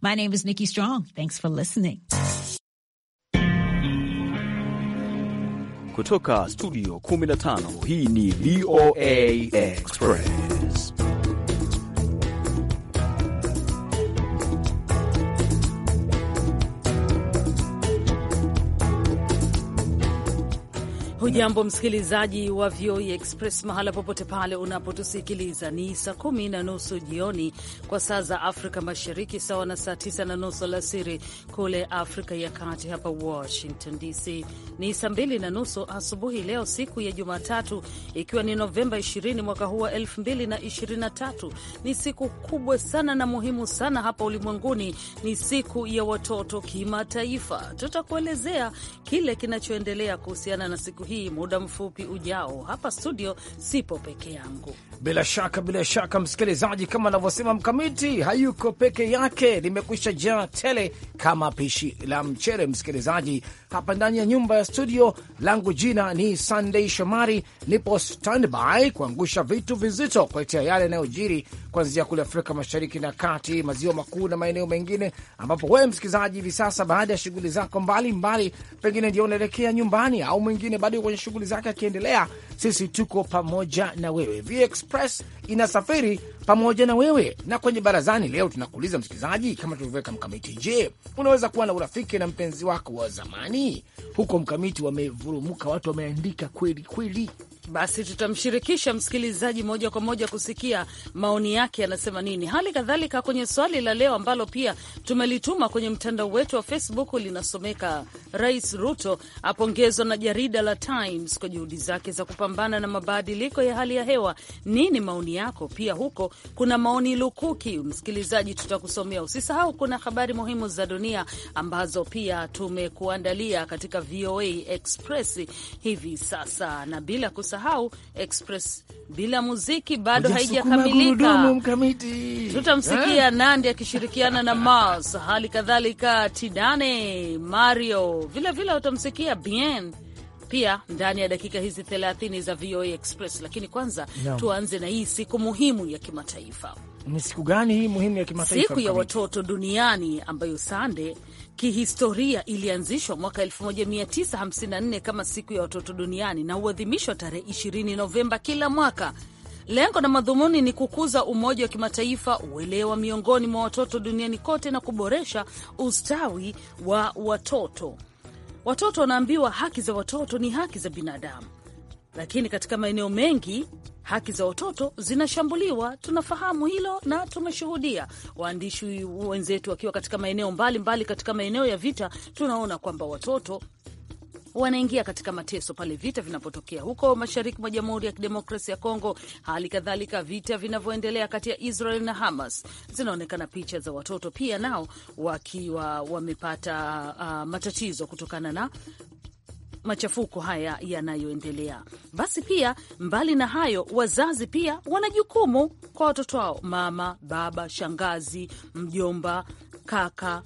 My name is Nikki Strong. Thanks for listening. Kutoka studio 15 hii ni VOA Express. Hujambo msikilizaji wa VOA e Express mahala popote pale unapotusikiliza. Ni saa kumi na nusu jioni kwa saa za Afrika Mashariki, sawa na saa tisa na nusu alasiri kule Afrika ya Kati. Hapa Washington DC ni saa mbili na nusu asubuhi, leo siku ya Jumatatu, ikiwa ni Novemba 20 mwaka huu wa 2023. Ni siku kubwa sana na muhimu sana hapa ulimwenguni, ni siku ya watoto kimataifa. Tutakuelezea kile kinachoendelea kuhusiana na siku hii muda mfupi ujao. Hapa studio sipo peke yangu, bila shaka, bila shaka msikilizaji, kama anavyosema Mkamiti hayuko peke yake, limekwisha jaa tele kama pishi la mchere. Msikilizaji, hapa ndani ya nyumba ya studio, langu jina ni Sunday Shomari, nipo standby kuangusha vitu vizito, kuletea yale yanayojiri kuanzia kule Afrika Mashariki na Kati, maziwa makuu na maeneo mengine, ambapo wewe msikilizaji hivi sasa, baada ya shughuli zako mbalimbali, pengine ndio unaelekea nyumbani au mwingine bado kwenye shughuli zake akiendelea, sisi tuko pamoja na wewe. V Express inasafiri pamoja na wewe. Na kwenye barazani leo tunakuuliza msikilizaji, kama tulivyoweka mkamiti, je, unaweza kuwa na urafiki na mpenzi wako wa zamani? Huko mkamiti wamevurumuka, watu wameandika kweli kweli basi tutamshirikisha msikilizaji moja kwa moja kusikia maoni yake anasema nini. Hali kadhalika kwenye swali la leo ambalo pia tumelituma kwenye mtandao wetu wa Facebook linasomeka: Rais Ruto apongezwa na jarida la Times kwa juhudi zake za kupambana na mabadiliko ya hali ya hewa. Nini maoni yako? Pia huko kuna maoni lukuki, msikilizaji, tutakusomea. Usisahau kuna habari muhimu za dunia ambazo pia tumekuandalia katika VOA Express hivi sasa na bila kus kusahau Express bila muziki bado haijakamilika. Tutamsikia yeah. Nandi akishirikiana na Mars, hali kadhalika Tidane Mario, vilevile utamsikia Bien pia ndani ya dakika hizi 30 za VOA Express, lakini kwanza no, tuanze na hii siku muhimu ya kimataifa ni siku gani hii muhimu ya kimataifa? Siku ya watoto duniani ambayo sande kihistoria ilianzishwa mwaka 1954 kama siku ya watoto duniani na huadhimishwa tarehe 20 Novemba kila mwaka. Lengo na madhumuni ni kukuza umoja wa kimataifa, uelewa miongoni mwa watoto duniani kote na kuboresha ustawi wa watoto. Watoto wanaambiwa haki za watoto ni haki za binadamu, lakini katika maeneo mengi haki za watoto zinashambuliwa. Tunafahamu hilo na tumeshuhudia waandishi wenzetu wakiwa katika maeneo mbalimbali mbali, katika maeneo ya vita, tunaona kwamba watoto wanaingia katika mateso pale vita vinapotokea huko mashariki mwa Jamhuri ya kidemokrasi ya Kongo. Hali kadhalika vita vinavyoendelea kati ya Israel na Hamas, zinaonekana picha za watoto pia nao wakiwa wamepata uh, matatizo kutokana na machafuko haya yanayoendelea. Basi pia mbali na hayo, wazazi pia wana jukumu kwa watoto wao, mama, baba, shangazi, mjomba, kaka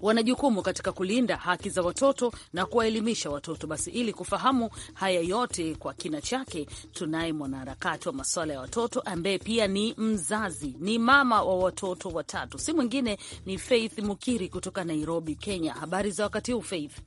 wana jukumu katika kulinda haki za watoto na kuwaelimisha watoto. Basi ili kufahamu haya yote kwa kina chake, tunaye mwanaharakati wa masuala ya watoto ambaye pia ni mzazi, ni mama wa watoto watatu, si mwingine ni Faith Mukiri kutoka Nairobi, Kenya. Habari za wakati huu Faith?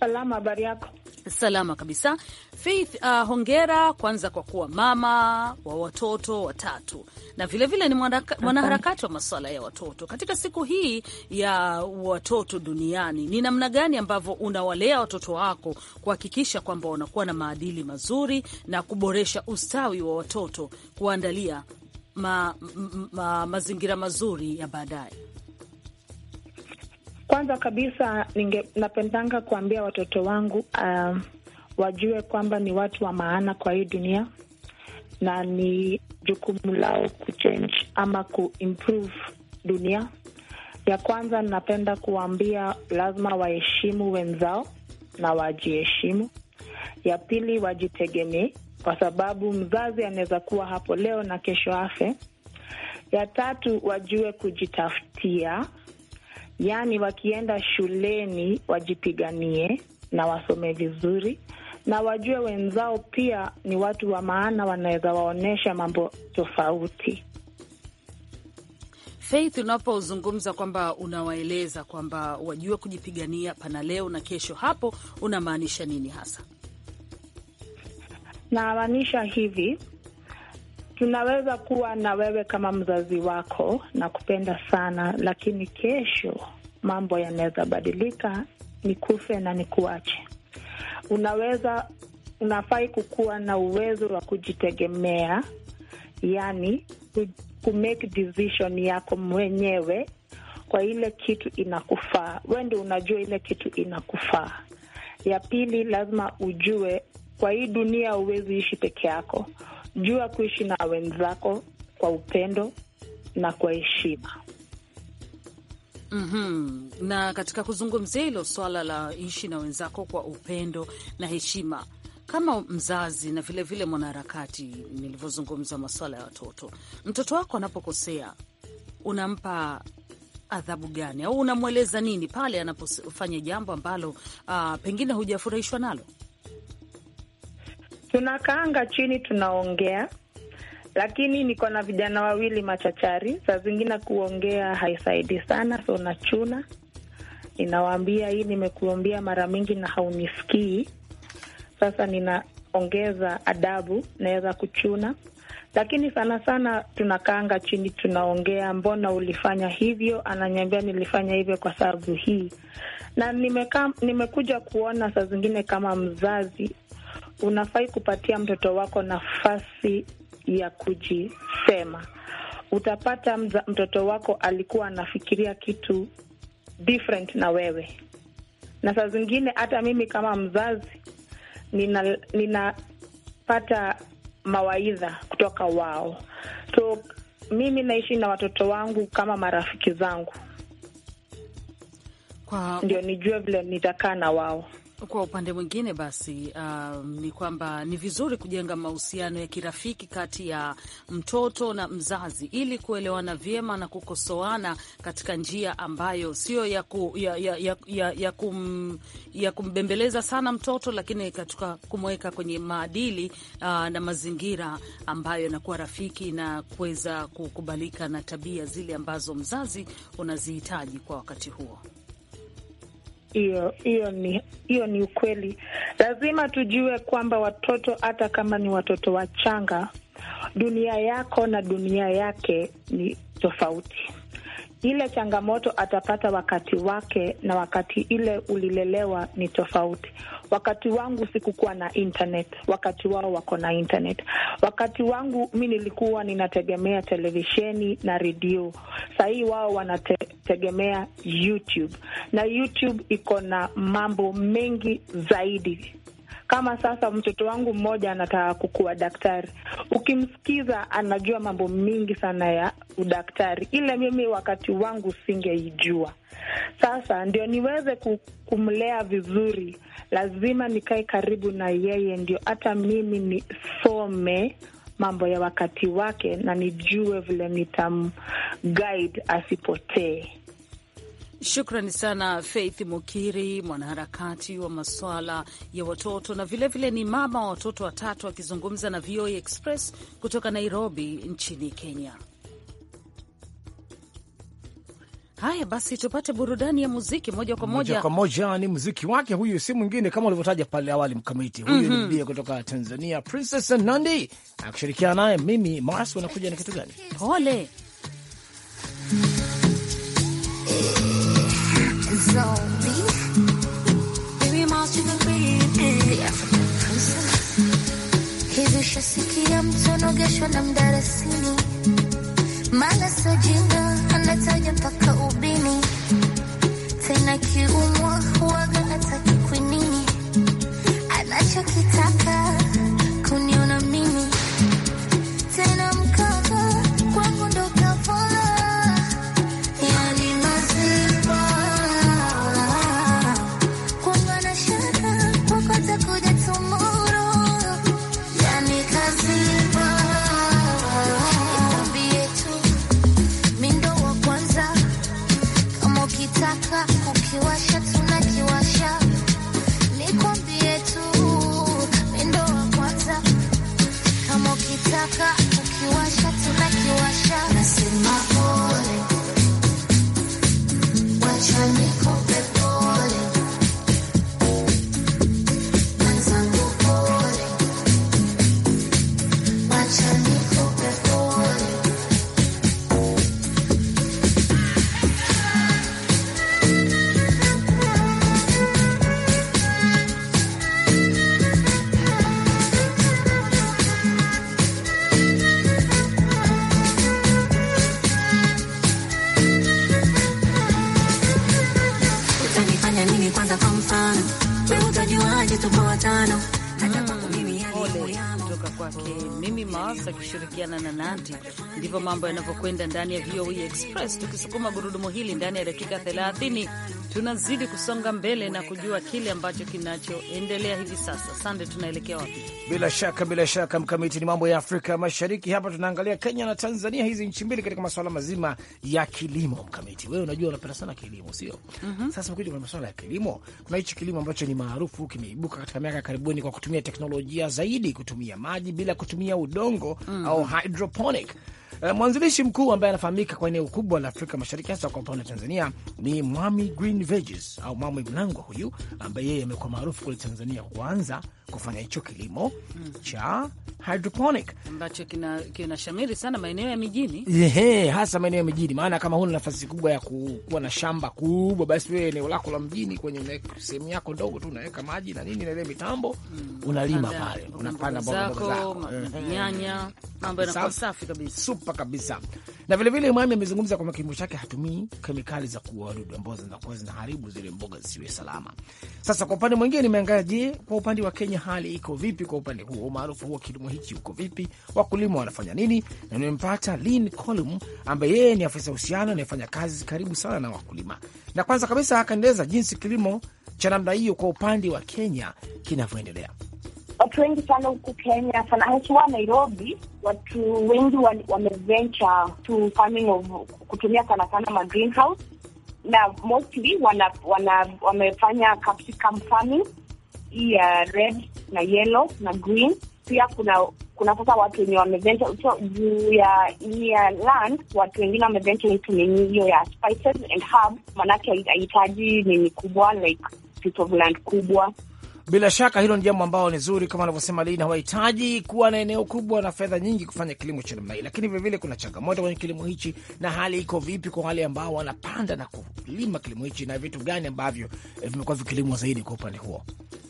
Salama, habari yako? Salama kabisa. Faith, uh, hongera kwanza kwa kuwa mama wa watoto watatu na vilevile vile ni mwanaharakati wa masuala ya watoto. Katika siku hii ya watoto duniani, ni namna gani ambavyo unawalea watoto wako kuhakikisha kwamba wanakuwa na maadili mazuri na kuboresha ustawi wa watoto, kuandalia ma, ma, ma, mazingira mazuri ya baadaye? Kwanza kabisa ninge, napendanga kuambia watoto wangu uh, wajue kwamba ni watu wa maana kwa hii dunia na ni jukumu lao kuchange ama kuimprove dunia. Ya kwanza napenda kuwaambia lazima waheshimu wenzao na wajiheshimu. Ya pili wajitegemee, kwa sababu mzazi anaweza kuwa hapo leo na kesho afe. Ya tatu wajue kujitafutia yaani wakienda shuleni wajipiganie na wasome vizuri na wajue wenzao pia ni watu wa maana, wanaweza waonyesha mambo tofauti. Faith, unapozungumza kwamba unawaeleza kwamba wajue kujipigania pana leo na kesho, hapo unamaanisha nini hasa? Namaanisha hivi tunaweza kuwa na wewe kama mzazi wako na kupenda sana, lakini kesho mambo yanaweza badilika, nikufe na nikuache. Unaweza, unafai kukuwa na uwezo wa kujitegemea, yani kumake decision yako mwenyewe kwa ile kitu inakufaa. We ndio unajua ile kitu inakufaa. Ya pili, lazima ujue kwa hii dunia huwezi ishi peke yako jua kuishi na wenzako kwa upendo na kwa heshima. Mm -hmm. Na katika kuzungumzia hilo swala la ishi na wenzako kwa upendo na heshima, kama mzazi na vilevile mwanaharakati, nilivyozungumza maswala ya watoto, mtoto wako anapokosea unampa adhabu gani au unamweleza nini pale anapofanya jambo ambalo, uh, pengine hujafurahishwa nalo? tunakaanga chini, tunaongea, lakini niko na vijana wawili machachari. Saa zingine kuongea haisaidi sana, so nachuna, ninawaambia hii nimekuombia mara mingi na haunisikii. Sasa ninaongeza adabu, naweza kuchuna lakini sana sana tunakaanga chini tunaongea, mbona ulifanya hivyo? Ananiambia nilifanya hivyo kwa sababu hii na nimeka, nimekuja kuona saa zingine kama mzazi unafai kupatia mtoto wako nafasi ya kujisema. Utapata mza, mtoto wako alikuwa anafikiria kitu different na wewe, na saa zingine hata mimi kama mzazi nina ninapata mawaidha kutoka wao. So mimi naishi na watoto wangu kama marafiki zangu kwa... ndio nijue vile nitakaa na wao. Kwa upande mwingine basi, uh, ni kwamba ni vizuri kujenga mahusiano ya kirafiki kati ya mtoto na mzazi ili kuelewana vyema na kukosoana katika njia ambayo sio ya, ku, ya, ya, ya, ya, ya, kum, ya kumbembeleza sana mtoto, lakini katika kumweka kwenye maadili uh, na mazingira ambayo yanakuwa rafiki na kuweza kukubalika na tabia zile ambazo mzazi unazihitaji kwa wakati huo hiyo hiyo ni hiyo ni ukweli. Lazima tujue kwamba watoto, hata kama ni watoto wachanga, dunia yako na dunia yake ni tofauti ile changamoto atapata wakati wake na wakati ile ulilelewa ni tofauti. Wakati wangu sikukuwa na internet, wakati wao wako na internet. Wakati wangu mi nilikuwa ninategemea televisheni na redio, sahii wao wanategemea YouTube na YouTube iko na mambo mengi zaidi kama sasa mtoto wangu mmoja anataka kukuwa daktari, ukimsikiza anajua mambo mingi sana ya udaktari, ile mimi wakati wangu singeijua. Sasa ndio niweze kumlea vizuri, lazima nikae karibu na yeye, ndio hata mimi nisome mambo ya wakati wake na nijue vile nitam guide asipotee. Shukrani sana Faith Mukiri, mwanaharakati wa maswala ya watoto na vilevile vile ni mama wa watoto watatu, akizungumza na VOA Express kutoka Nairobi nchini Kenya. Haya basi, tupate burudani ya muziki moja kwa moja. Moja kwa moja ni muziki wake huyu, si mwingine kama ulivyotaja pale awali, mkamiti huyu mm -hmm. ni mm-hmm. bia kutoka Tanzania, Princess Nandi akishirikiana naye mimi Mars. Wanakuja na kitu gani? pole hivi shasikia mtu anogeshwa na mdarasini, maana sajinga anataja mpaka ubini, tena kiumwa huwaga ataki kwinini anachokita sasa akishirikiana na Nanti Ndivyo mambo yanavyokwenda ndani ya VOA e Express, tukisukuma gurudumu hili ndani ya dakika 30 tunazidi kusonga mbele na kujua kile ambacho kinachoendelea hivi sasa. Sande, tunaelekea wapi? Bila shaka, bila shaka mkamiti, ni mambo ya Afrika Mashariki. Hapa tunaangalia Kenya na Tanzania, hizi nchi mbili katika masuala mazima ya kilimo. Mkamiti, wewe unajua unapenda sana kilimo, sio? mm -hmm. Sasa kuja kwenye masuala ya kilimo, kuna hichi kilimo ambacho ni maarufu, kimeibuka katika miaka ya karibuni kwa kutumia teknolojia zaidi, kutumia maji bila kutumia udongo, mm -hmm. au hydroponic Eh, mwanzilishi mkuu ambaye anafahamika kwa eneo kubwa la Afrika Mashariki hasa kwa upande wa Tanzania ni Mwami Green Veges au Mwami Mnangwa huyu ambaye yeye amekuwa maarufu kule Tanzania kuanza kufanya hicho kilimo hmm, cha hydroponic ambacho kinashamiri kina sana maeneo ya mijini. yehe, hasa maeneo ya mijini, maana kama huna nafasi kubwa ya kuwa na shamba kubwa, basi wewe eneo lako la mjini, kwenye sehemu yako ndogo tu unaweka maji na nini na ile mitambo mm, unalima pale, unapanda mboga zako, nyanya, mambo yanakuwa safi kabisa hapa kabisa. Na vilevile Mwami amezungumza kwamba kilimo chake hatumii kemikali za kuua wadudu ambazo zinakuwa zinaharibu zile mboga zisiwe salama. Sasa kwa upande mwingine nimeangalia, je, kwa upande wa Kenya hali iko vipi? Kwa upande huo umaarufu huo kilimo hichi uko vipi? Wakulima wanafanya nini? Na nimempata Lin Colum ambaye yeye ni afisa uhusiano anayefanya kazi karibu sana na wakulima, na kwanza kabisa akaendeleza jinsi kilimo cha namna hiyo kwa upande wa Kenya kinavyoendelea watu wengi sana huku Kenya, sana haswa Nairobi, watu wengi wameventure to farming of kutumia sana sana ma greenhouse na mostly wana, wana, wamefanya capsicum farming hii ya red na yellow na green. Pia kuna kuna sasa watu wenye wameventure so juu ya hii ya land, watu wengine wameventure into nini hiyo ya spices and herbs, maanake haihitaji nini kubwa like piece of land kubwa bila shaka hilo ni jambo ambalo ni zuri, kama anavyosema Lina, hawahitaji kuwa na eneo kubwa na fedha nyingi kufanya kilimo cha namna hii, lakini vilevile kuna changamoto kwenye kilimo hichi. Na hali iko vipi kwa wale ambao wanapanda na kulima kilimo hichi, na vitu gani ambavyo eh, vimekuwa vikilimwa zaidi kwa upande huo?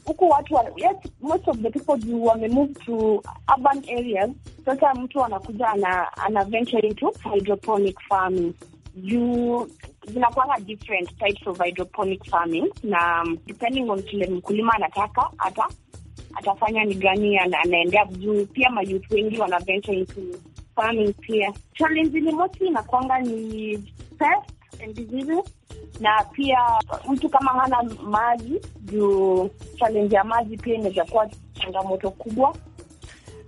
Huku watu wa, yes, most of the people wame move to urban areas. Sasa mtu anakuja ana, ana venture into hydroponic farming juu zinakuwa different types of hydroponic farming, na um, depending on kile mkulima anataka hata atafanya ni gani anaendea juu. Pia mayouth wengi wana venture into farming. Pia challenge ni inakwanga ni pests and diseases, na pia mtu kama hana maji, juu challenge ya maji pia inaweza kuwa changamoto kubwa.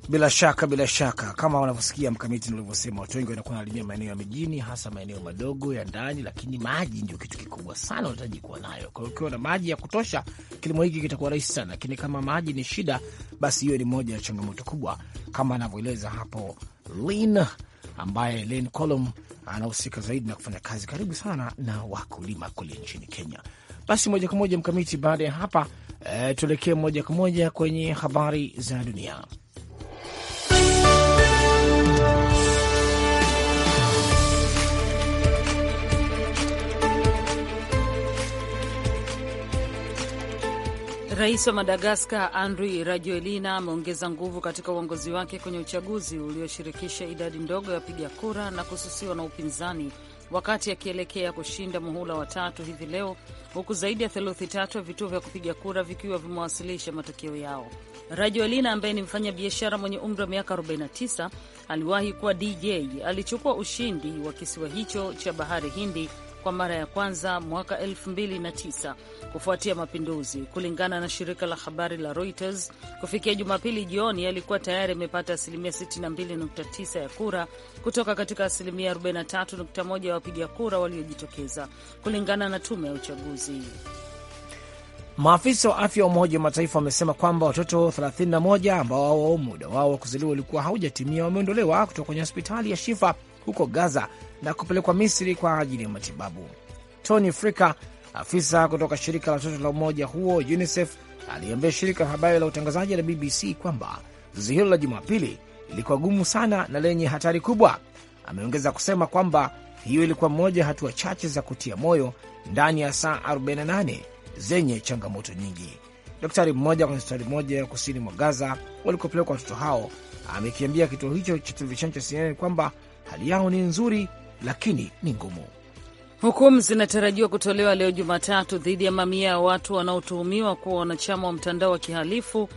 Bila shaka, bila shaka, kama wanavyosikia Mkamiti nilivyosema, watu wengi wanakuwa wanalimia maeneo ya mijini, hasa maeneo madogo ya ndani, lakini maji ndio kitu kikubwa sana unahitaji kuwa nayo. Kwa hiyo ukiwa na maji ya kutosha, kilimo hiki kitakuwa rahisi sana, lakini kama maji ni shida, basi hiyo ni moja ya changamoto kubwa, kama anavyoeleza hapo Lin ambaye Lin Colom anahusika zaidi na kufanya kazi karibu sana na wakulima kule nchini Kenya. Basi moja kwa moja Mkamiti, baada ya hapa e, tuelekee moja kwa moja kwenye habari za dunia. Rais wa Madagaskar Andry Rajoelina ameongeza nguvu katika uongozi wake kwenye uchaguzi ulioshirikisha idadi ndogo ya wapiga kura na kususiwa na upinzani, wakati akielekea kushinda muhula wa tatu hivi leo, huku zaidi ya theluthi tatu ya vituo vya kupiga kura vikiwa vimewasilisha matokeo yao. Rajoelina ambaye ni mfanya biashara mwenye umri wa miaka 49 aliwahi kuwa DJ, alichukua ushindi wa kisiwa hicho cha bahari Hindi kwa mara ya kwanza mwaka 2009 kufuatia mapinduzi, kulingana na shirika la habari la Reuters. Kufikia Jumapili jioni, alikuwa tayari amepata asilimia 62.9 ya kura kutoka katika asilimia 43.1 ya wapiga kura waliojitokeza, kulingana na tume ya uchaguzi. Maafisa wa afya wa Umoja wa Mataifa wamesema kwamba watoto 31 ambao muda wao wa kuzaliwa ulikuwa haujatimia wameondolewa kutoka kwenye hospitali ya Shifa huko Gaza na kupelekwa Misri kwa ajili ya matibabu. Tony Frika, afisa kutoka shirika la watoto la umoja huo UNICEF, aliambia shirika la habari la utangazaji la BBC kwamba zoezi hilo la Jumapili lilikuwa gumu sana na lenye hatari kubwa. Ameongeza kusema kwamba hiyo ilikuwa moja hatua chache za kutia moyo ndani ya saa 48 zenye changamoto nyingi. Daktari mmoja kwenye hospitali moja ya kusini mwa Gaza walikopelekwa watoto hao amekiambia kituo hicho cha televisheni cha CNN kwamba hali yao ni nzuri, lakini ni ngumu. Hukumu zinatarajiwa kutolewa leo Jumatatu dhidi ya mamia ya watu wanaotuhumiwa kuwa wanachama wa mtandao wa kihalifu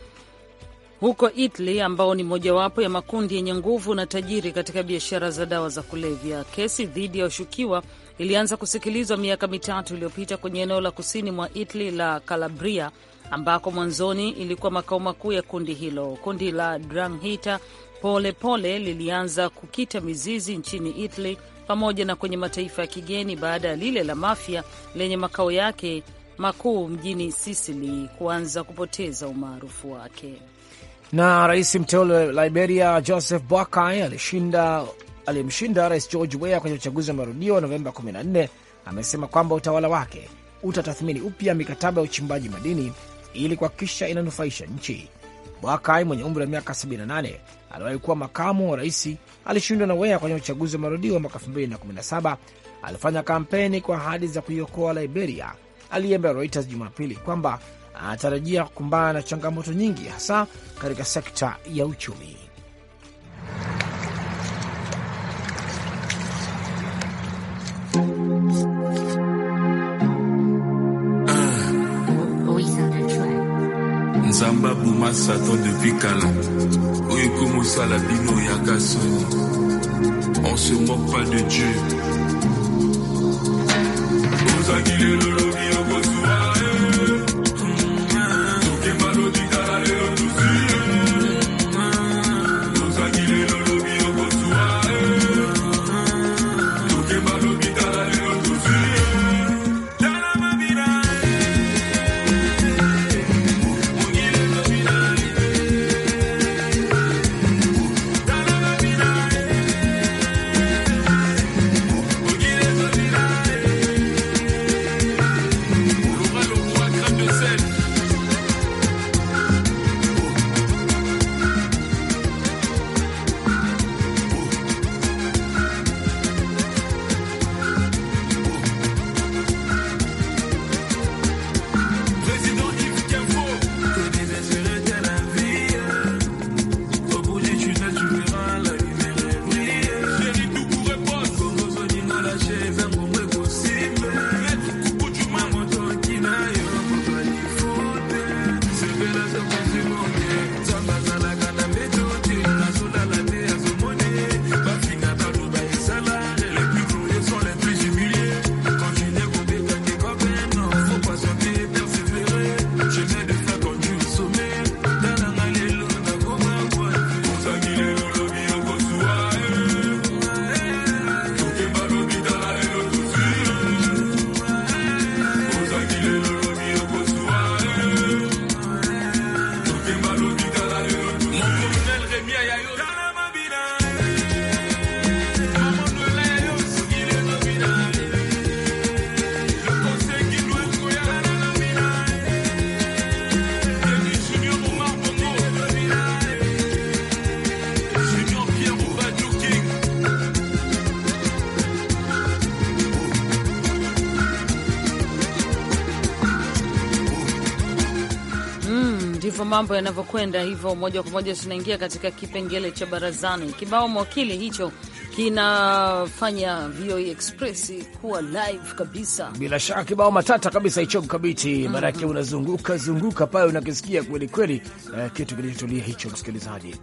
huko Italy, ambao ni mojawapo ya makundi yenye nguvu na tajiri katika biashara za dawa za kulevya. Kesi dhidi ya washukiwa ilianza kusikilizwa miaka mitatu iliyopita kwenye eneo la kusini mwa Italy la Calabria ambako mwanzoni ilikuwa makao makuu ya kundi hilo. Kundi la Drangheta polepole pole lilianza kukita mizizi nchini Italy pamoja na kwenye mataifa ya kigeni baada ya lile la Mafia lenye makao yake makuu mjini Sisili kuanza kupoteza umaarufu wake. Na rais mteule wa Liberia Joseph Boakai alishinda aliyemshinda rais George Weah kwenye uchaguzi wa marudio Novemba 14 amesema kwamba utawala wake utatathmini upya mikataba ya uchimbaji madini ili kuhakikisha inanufaisha nchi. Bwakai mwenye umri wa miaka 78 aliwahi kuwa makamu wa rais, alishindwa na Wea kwenye uchaguzi wa marudio wa mwaka 2017. Alifanya kampeni kwa ahadi za kuiokoa Liberia. Aliambia Reuters Jumapili kwamba anatarajia kukumbana na changamoto nyingi, hasa katika sekta ya uchumi. nzambe aboma satan depuis kala oyo ekomosala bino on se moque pas de dieu mambo yanavyokwenda hivyo, moja kwa moja tunaingia katika kipengele cha barazani. Kibao mwakili hicho kinafanya VOA e Express kuwa live kabisa, bila shaka kibao matata kabisa hicho mkabiti, mhm. maana mm -hmm. unazunguka zunguka pale unakisikia kweli kweli, uh, kitu kilichotulia hicho, msikilizaji.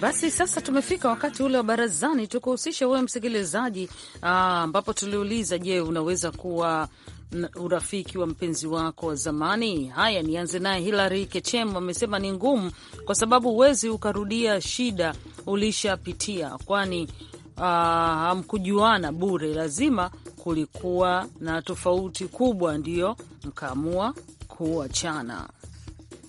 Basi sasa tumefika wakati ule wa barazani, tukuhusishe wewe msikilizaji, ah, ambapo tuliuliza, je, unaweza kuwa urafiki wa mpenzi wako wa zamani. Haya, nianze naye Hilary Kechem amesema ni ngumu kwa sababu huwezi ukarudia shida ulishapitia, kwani uh, bure, lazima kulikuwa na tofauti kubwa, ndiyo mkaamua kuachana.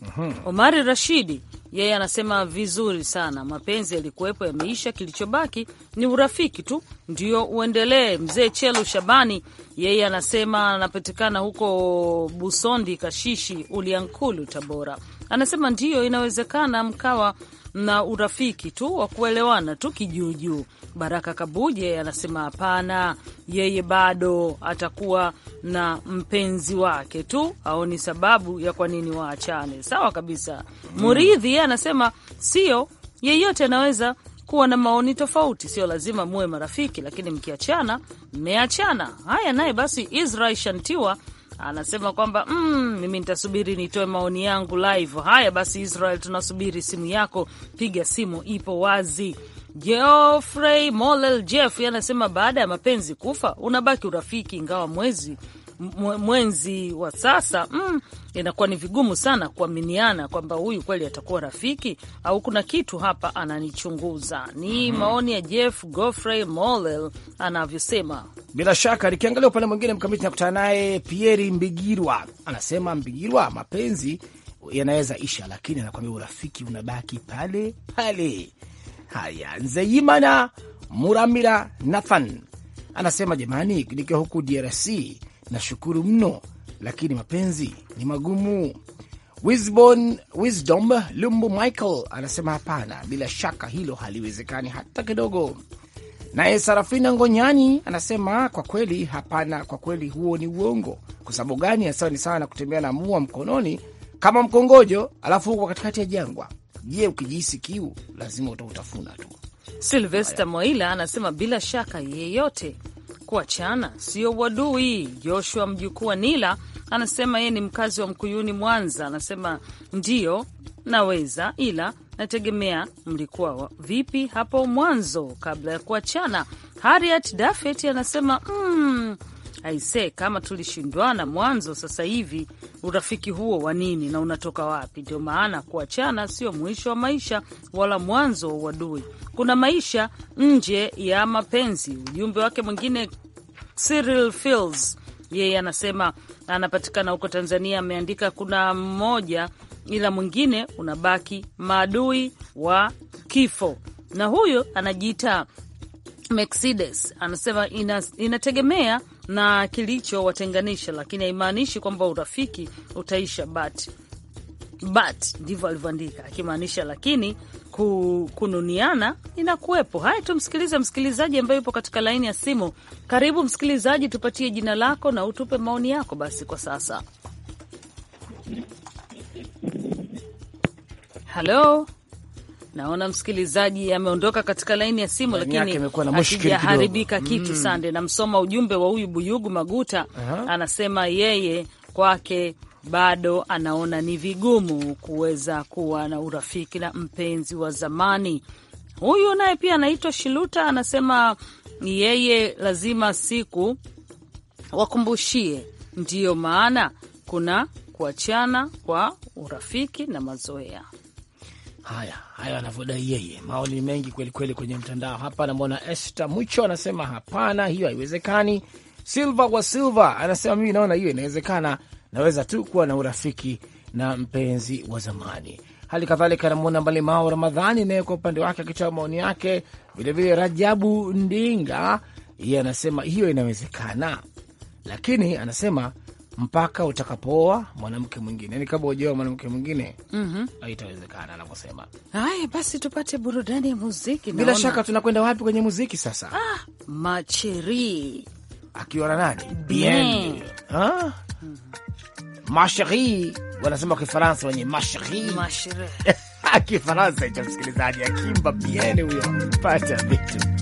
Mhm. Omari Rashidi yeye anasema vizuri sana, mapenzi yalikuwepo yameisha, kilichobaki ni urafiki tu, ndio uendelee. Mzee Chelu Shabani yeye anasema anapatikana huko Busondi Kashishi, Uliankulu, Tabora, anasema ndiyo inawezekana mkawa na urafiki tu wa kuelewana tu kijuujuu. Baraka Kabuje anasema hapana, yeye bado atakuwa na mpenzi wake tu, aoni sababu ya kwa nini waachane. Sawa kabisa. Mm. Muridhi anasema sio, yeyote anaweza kuwa na maoni tofauti, sio lazima muwe marafiki, lakini mkiachana mmeachana. Haya, naye basi Israel Shantiwa anasema kwamba mm, mimi nitasubiri nitoe maoni yangu live. Haya basi, Israel, tunasubiri simu yako, piga simu, ipo wazi. Geoffrey Molel Jeff anasema baada ya mapenzi kufa unabaki urafiki, ingawa mwezi mwenzi wa sasa mm, inakuwa ni vigumu sana kuaminiana kwamba huyu kweli atakuwa rafiki au kuna kitu hapa ananichunguza. Ni mm -hmm. maoni ya Jeff Goffrey Molel anavyosema. Bila shaka nikiangalia upande mwingine, mkamiti nakutana naye Pieri Mbigirwa, anasema Mbigirwa, mapenzi yanaweza isha, lakini anakwambia urafiki unabaki pale pale. Haya, Nzeyimana Muramira Nathan anasema jamani, nikiwa huku DRC nashukuru mno, lakini mapenzi ni magumu. Wisbon, Wisdom Lumbu Michael anasema hapana, bila shaka hilo haliwezekani hata kidogo. Naye Sarafina Ngonyani anasema kwa kweli hapana, kwa kweli huo ni uongo. Kwa sababu gani? Asawa ni sawa na kutembea na mua mkononi kama mkongojo, alafu huko katikati ya jangwa. Je, ukijihisi kiu lazima utautafuna tu. Silvester Mwaila anasema bila shaka yeyote kuachana sio wadui Joshua mjukuu wa Nila anasema yeye ni mkazi wa Mkuyuni, Mwanza. Anasema ndio naweza ila nategemea mlikuwa vipi hapo mwanzo kabla ya kuachana. Harriet Dafet anasema mm, Aise, kama tulishindwana mwanzo, sasa hivi urafiki huo wa nini na unatoka wapi? Ndio maana kuachana sio mwisho wa maisha wala mwanzo wa uadui. Kuna maisha nje ya mapenzi. Ujumbe wake mwingine Cyril Fils, yeye anasema anapatikana huko Tanzania, ameandika kuna mmoja ila mwingine unabaki maadui wa kifo, na huyo anajiita Mexides anasema ina, inategemea na kilichowatenganisha, lakini haimaanishi kwamba urafiki utaisha. But but ndivyo alivyoandika akimaanisha, lakini kununiana inakuwepo. Haya, tumsikilize msikilizaji ambaye yupo katika laini ya simu. Karibu msikilizaji, tupatie jina lako na utupe maoni yako basi kwa sasa. Halo. Naona msikilizaji ameondoka katika laini ya simu, lakini akijaharibika kitu. Mm. Sande, namsoma ujumbe wa huyu Buyugu Maguta. uh-huh. Anasema yeye kwake bado anaona ni vigumu kuweza kuwa na urafiki na mpenzi wa zamani. Huyu naye pia anaitwa Shiluta, anasema yeye lazima siku wakumbushie, ndiyo maana kuna kuachana kwa urafiki na mazoea. Haya haya anavyodai yeye, maoni mengi kweli kweli kwenye mtandao hapa. Namwona Esta Mwicho anasema hapana, hiyo haiwezekani. Silva wa Silva anasema mimi naona hiyo inawezekana, naweza tu kuwa na urafiki na mpenzi wa zamani. Hali kadhalika namwona Mbalimao Ramadhani naye kwa upande wake akitoa maoni yake vilevile. Rajabu Ndinga yeye anasema hiyo inawezekana, lakini anasema mpaka utakapooa mwanamke mwingine, yani kama ujaoa mwanamke mwingine mm -hmm. Haitawezekana anavyosema. Haya, basi tupate burudani ya muziki. Bila shaka tunakwenda wapi kwenye muziki sasa? Ah, Macheri akiwa na nani? Bien. Ah? Mm -hmm. Masheri wanasema Kifaransa wenye masheri. Masheri. Kifaransa cha msikilizaji akimba Bien huyo. Pata vitu.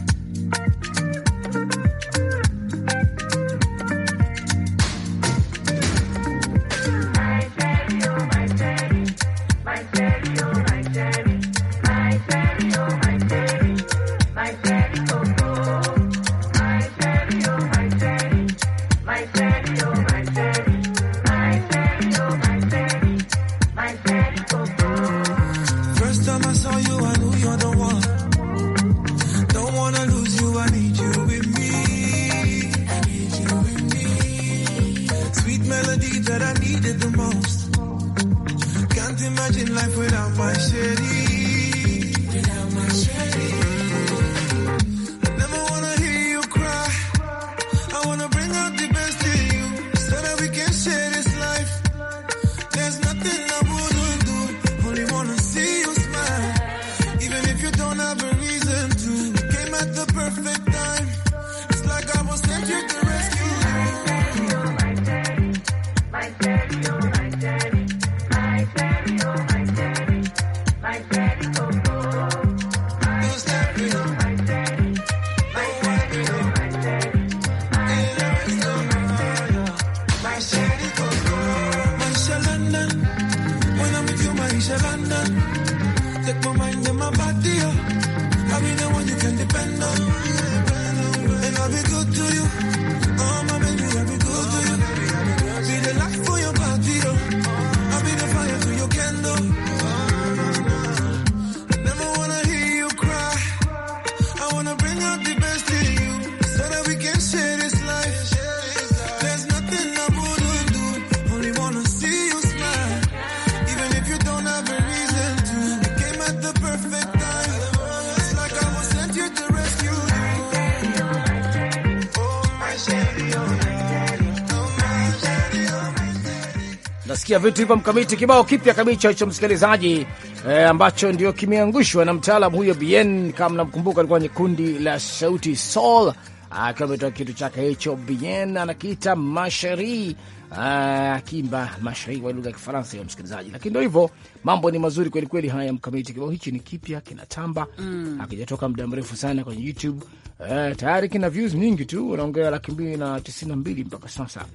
nasikia vitu hivyo mkamiti kibao kipya kabisa hicho msikilizaji, e, ambacho ndio kimeangushwa na mtaalamu huyo bn Kama mnamkumbuka, alikuwa kwenye kundi la Sauti Sol akiwa ametoa kitu chake hicho bn anakiita masharii akimba ah, mashairi wa lugha ya Kifaransa ya msikilizaji, lakini ndio hivyo mambo ni mazuri kweli kweli. Haya, mkamiti kibao hichi ni kipya, kinatamba mm. akijatoka muda mrefu sana kwenye YouTube eh, tayari kina views nyingi tu, unaongea laki mbili na tisini na mbili mpaka sasa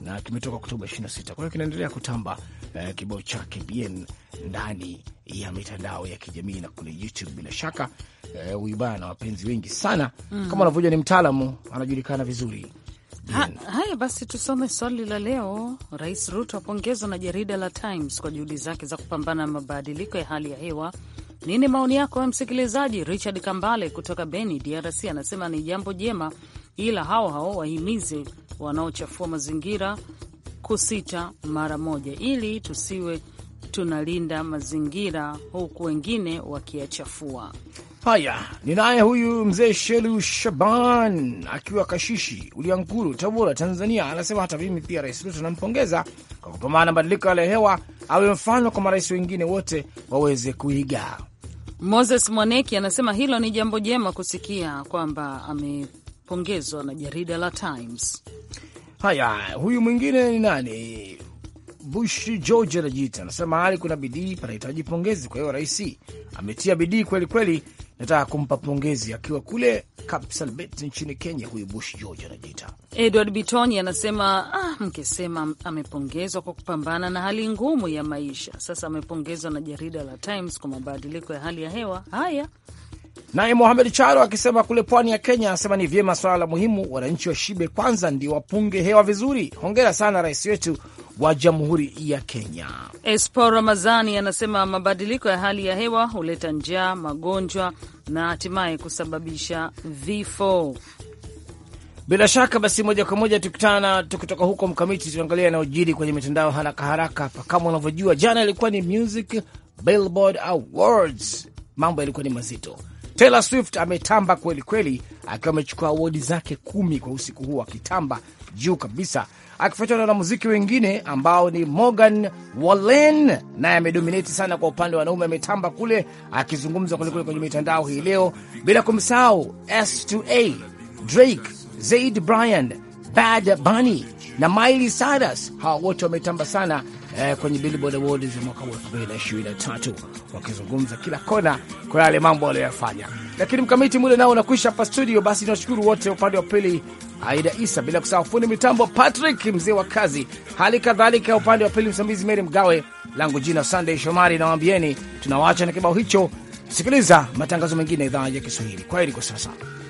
na kimetoka Oktoba 26 kwa hiyo kinaendelea kutamba eh, kibao chake bien ndani ya mitandao ya kijamii na kule YouTube bila shaka huyu eh, huyu bana wapenzi wengi sana mm. kama unavyojua ni mtaalamu anajulikana vizuri Ha, haya basi, tusome swali la leo. Rais Ruto apongezwa na jarida la Times kwa juhudi zake za kupambana na mabadiliko ya hali ya hewa. Nini maoni yako ya msikilizaji? Richard Kambale kutoka Beni, DRC, anasema ni jambo jema, ila hao hao wahimize wanaochafua mazingira kusita mara moja, ili tusiwe tunalinda mazingira huku wengine wakiyachafua. Haya, ni naye huyu mzee Shelu Shaban akiwa Kashishi Uliankuru, Tabora, Tanzania. Anasema hata mimi pia Rais Ruto nampongeza kwa kupambana na mabadiliko ya hewa, awe mfano kwa marais wengine wote waweze kuiga. Moses Mwaneki anasema hilo ni jambo jema kusikia kwamba amepongezwa na jarida la Times. Haya, huyu mwingine ni nani? Bush George anajiita, anasema hali kuna bidii panahitaji pongezi. Kwa hiyo rais ametia bidii kweli kweli nataka kumpa pongezi akiwa kule Kapsalbet nchini Kenya. Huyu Bush George anajiita Edward Bitoni anasema ah, mkesema amepongezwa kwa kupambana na hali ngumu ya maisha. Sasa amepongezwa na jarida la Times kwa mabadiliko ya hali ya hewa haya Naye Mohamed Charo akisema kule pwani ya Kenya, anasema ni vyema swala la muhimu wananchi washibe kwanza ndio wapunge hewa vizuri. Hongera sana rais wetu wa Jamhuri ya Kenya. Espo Ramazani anasema mabadiliko ya hali ya hewa huleta njaa, magonjwa na hatimaye kusababisha vifo. Bila shaka basi, moja kwa moja tukutana, tukitoka huko Mkamiti tunaangalia yanayojiri kwenye mitandao haraka haraka. Kama unavyojua, jana ilikuwa ni Music Billboard Awards, mambo yalikuwa ni mazito Taylor Swift ametamba kweli kweli, akiwa amechukua awodi zake kumi kwa usiku huu, akitamba juu kabisa, akifuatiwa na wanamuziki wengine ambao ni Morgan Wallen, naye amedominati sana kwa upande wa wanaume, ametamba kule, akizungumza kulikule kwenye mitandao hii leo, bila kumsahau S2A, Drake, Zaid Bryan, Bad Bunny na Miley Cyrus. Hawa wote wametamba sana eh, kwenye Billboard Awards za mwaka wa 2023 wakizungumza kila kona kwa yale mambo aliyoyafanya Lakini mkamiti muda nao unakwisha hapa studio. Basi tunashukuru wote, upande wa pili Aida Isa, bila kusahau fundi mitambo Patrick mzee wa kazi, hali kadhalika upande wa pili msambizi Mary Mgawe, langu jina Sunday Shomari, nawaambieni tunawaacha na kibao hicho. Sikiliza matangazo mengine ya idhaa ya Kiswahili. Kwaheri kwa sasa.